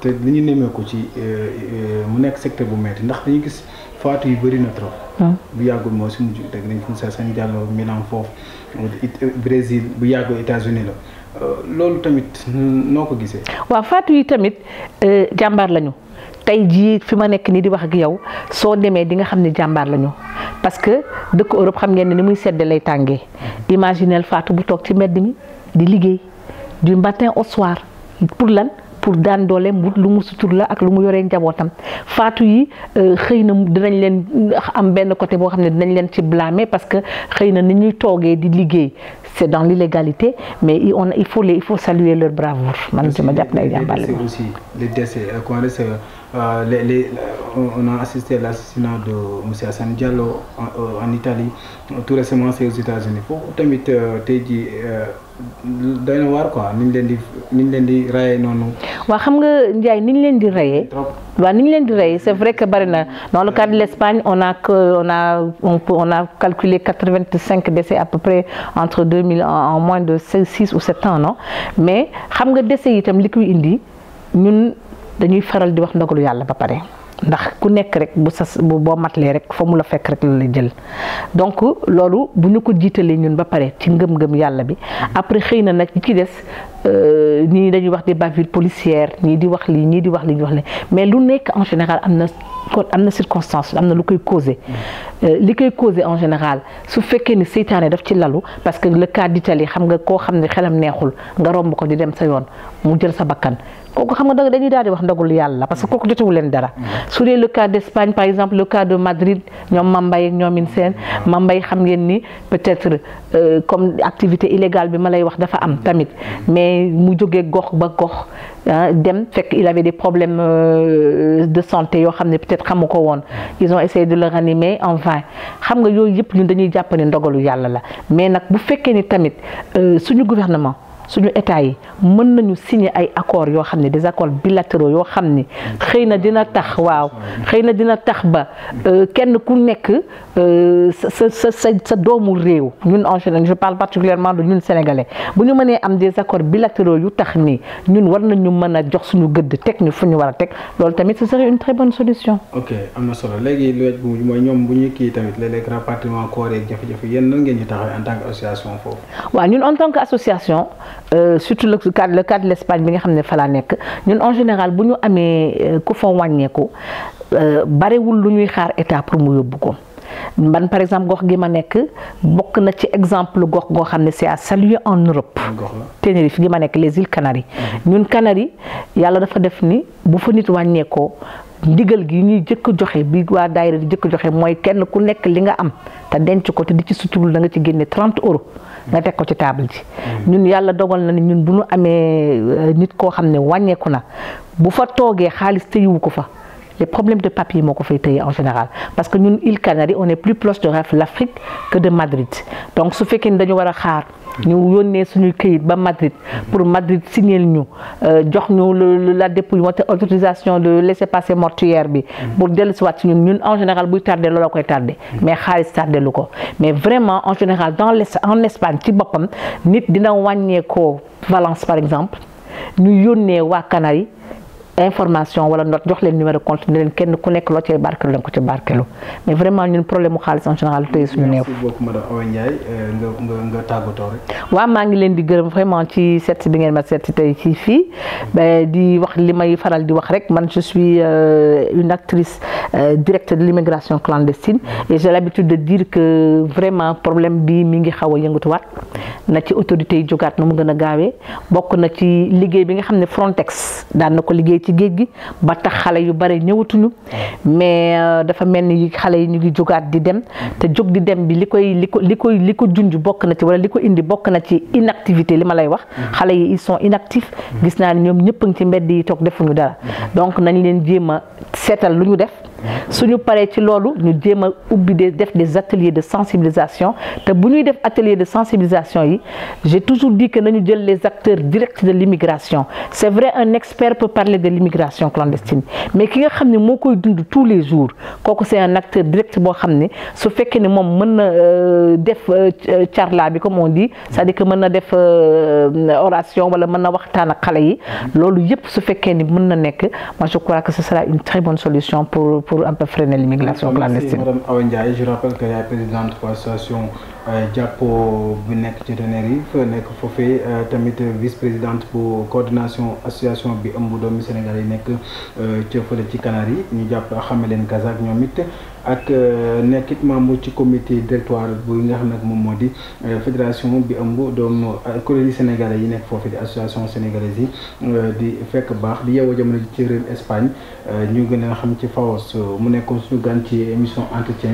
te li ñu nemmeeku ci euh, euh, mu nekk secteur bu metti ndax dañu gis faatu yu bëri na trop. Ah. bu yàggul moo si mujj dégg nañ fu mu sa sañ jàlloo Milan foofu euh, Brésil bu yàggoo États-Unis la loolu tamit noo ko gisee. waaw faatu yi tamit jàmbaar lañu tey jii fi ma nekk nii di wax ak yow soo demee di nga xam ne jàmbaar lañu parce que dëkk Europe xam ngeen ne ni muy sedd lay tàngee imaginel faatu bu toog ci mbedd mi di liggéey du matin au pour lan. pour daan doole wut lu mu sutur la ak lu mu yoree njabootam faatu yi euh, xëy na dinañ leen am benn côté boo xam ne dinañ leen ci blâmer parce que xëy na ni ñuy toogee di liggéey c'est dans l'illégalité mais il faut les il faut saluer leur bravoure man ci ma jàpp ne ay jàmbaar aussi euh, le Euh, les, on a assisté à l'assassinat de monsieur Hassan Diallo en, euh, en Italie tout récemment c'est aux États-Unis foofu tamit euh, te ji euh, doy na waar quoi ni ñu leen di ni ñu leen di rayee noonu. waa xam nga Ndiaye ni ñu leen di rayee. waaw ni ñu leen di rayee c'est vrai que bari na dans le cas de l'Espagne on a que on a on peut on a calculé cinq décès à peu près entre deux mille en moins de six ou sept ans non mais xam nga décès itam li indi ñun. dañuy faral di wax ndogalu yàlla ba pare ndax ku nekk rek bu sas bu boo matlee rek fa mu la fekk rek la la jël donc loolu bu ñu ko jiitalee ñun ba pare ci ngëm-ngëm yàlla bi après xëy na nag ñi ci des euh, ñii dañuy wax des bavures policière ñii di wax lii ñii di wax lii ñu wax lii mais lu nekk en général am na kon am na circonstance am na lu koy causé mm. euh, li koy causé en général su fekkee ni seytaane daf ci lalu parce que le cas d'Italie xam nga koo xam ne xelam neexul nga romb ko di dem sa yoon mu jël sa bakkan kooku xam nga dañuy daal di wax ndogul yàlla parce que kooku jotewu leen dara su dee le cas d'Espagne par exemple le cas de Madrid ñoom Mambay ak ñoom Inseen Mambay xam ngeen ni peut-être euh, comme activité illégale bi ma lay wax dafa am tamit mais mu jógee gox ba gox ah, dem fekk il avait des problèmes euh, de santé yoo xam ne peut-être xamu ko woon ils ont essayé de jàpp ndogalu yàlla la mais nag bu fekkee ni tamit euh, suñu gouvernement ñu état yi mën nañu signer ay accords yoo xam ne des accords bilatéraux yoo xam ni xëy na dina tax waaw xëy na dina tax ba euh, kenn ku nekk euh, sa sa sa sa doomu réew ñun en général je parle particulièrement de ñun sénégalais bu ñu mënee am des accords bilatéraux yu tax ni ñun war nañu mën a jox suñu gëdd teg ñu fu ñu war a teg loolu tamit ce serait une solution. ok am na solo léegi lu wet bu mujj mooy ñoom bu ñu kii tamit léeg-léeg rapatriement ñun en tant que association. Euh, surtout le cas le cas de bi nga xam ne fa laa nekk ñun en général bu ñu amee euh, ku fa wàññeeku euh, barewul lu ñuy xaar état pour mu yóbbu ko. man par exemple gox gi ma nekk bokk na ci exemple gox goo xam ne c'est à saluer en Europe Tenerife gi ma nekk les îles mmh. ñun Canaries yàlla dafa def ni bu fa nit wàññeekoo ndigal gi ñuy jëkk joxe bi waa daayira di jëkk joxe mooy kenn ku nekk li nga am te denc ko te di ci suturlu da nga ci génne 30 euros nga teg ko ci taabal ji ñun yàlla dogal na ni ñun bu ñu amee euh, nit koo xam ne wàññeeku na bu fa toogee xaalis tëyiwu ko fa les problèmes de papier moo ko fay tëye en général parce que ñun îles Canaries on est plus proche de l'Afrique que de Madrid donc su fekkee dañu war a xaar ñu yónnee suñu këyit ba Madrid pour Madrid signel ñu euh, jox ñu la dépouille moo autorisation de laisser passer mortuaire bi pour dellu si waat si ñun ñun en général buy tardé loolu la koy tardé mais xaalis tardé lu ko mais vraiment en général dans l' en Espagne ci boppam nit dina wàññeekoo Valence par exemple ñu yónnee waa yi information wala note jox leen numéro compte leen kenn ku nekk loo cay barkelu lañ ko ci barkelu mais vraiment ñun problème xaalis en général tey suñu neew. merci euh, maa ngi leen di gërëm vraiment ci seet bi ngeen ma seet si tey ci fii di wax li may faral di wax rek man je suis euh, une actrice euh, directe de l'immigration clandestine et j'ai bi de dire que vraiment problème bi mi ngi xaw a yëngatuwaat na ci autorités yi jógaat nu mu gën a gaawee bokk géej gi ba tax xale yu bare ñëwatuñu mais euh, dafa mel ni xale yi ñu ngi jógaat di dem te jóg di dem bi li koy li ko li koy li ko junj bokk na ci wala li ko indi bokk na ci inactivité li ma lay wax. xale yi ils sont gis naa ne ñoom ñëpp a ngi ci mbedd yi toog defuñu dara donc nañ leen jéem a seetal lu ñu def. suñu paree ci loolu ñu jéem a ubbi des def des ateliers de sensibilisation te bu ñuy def atelier de sensibilisation yi j'ai toujours dit que nañu jël les acteurs directs de l'immigration c'est vrai un expert peut parler de l'immigration clandestine mais ki nga xam ne moo koy dund tous les jours kooku c'est un acteur direct boo xam ne su fekkee ne moom mën na euh, def euh, charla bi comme on dit cest di que mën na def euh, oration wala mën na waxtaan ak xale yi loolu yëpp su fekkee ni mën na nekk je crois que ce solution pour un peu freiner l'immigration clandestine. Madame Awa Euh, jàppoo bu nekk ci Tenerife nekk foofee euh, tamit vice présidente bu coordination association bi ëmb doomi Sénégal yi nekk euh, ca fële ci Canaries ñu jàpp xame leen Kazak ñoom it ak nekkit membre ci comité directoire bu nga xam nag moom moo di fédération bi ëmb doomu kuréeli sénégalais yi nekk foofu di association sénégalaise yi di fekk baax di yeewoo jamono ji ci réew Espagne ñu gën a xam ci FAOS mu nekkoon suñu gan ci émission entretien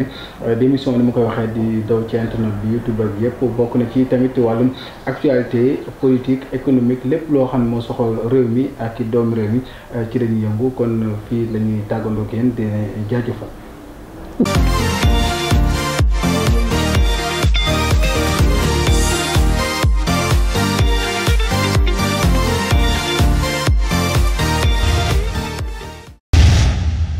di émission ni ma koy waxee di daw ci internet bi youtube ak yëpp bokk na ci tamit wàllum actualité politique économique lépp loo xam ne moo soxal réew mi ak doomu réew mi euh, ci lañuy yëngu kon fii la ñuy tàggandoo ak yéen di fa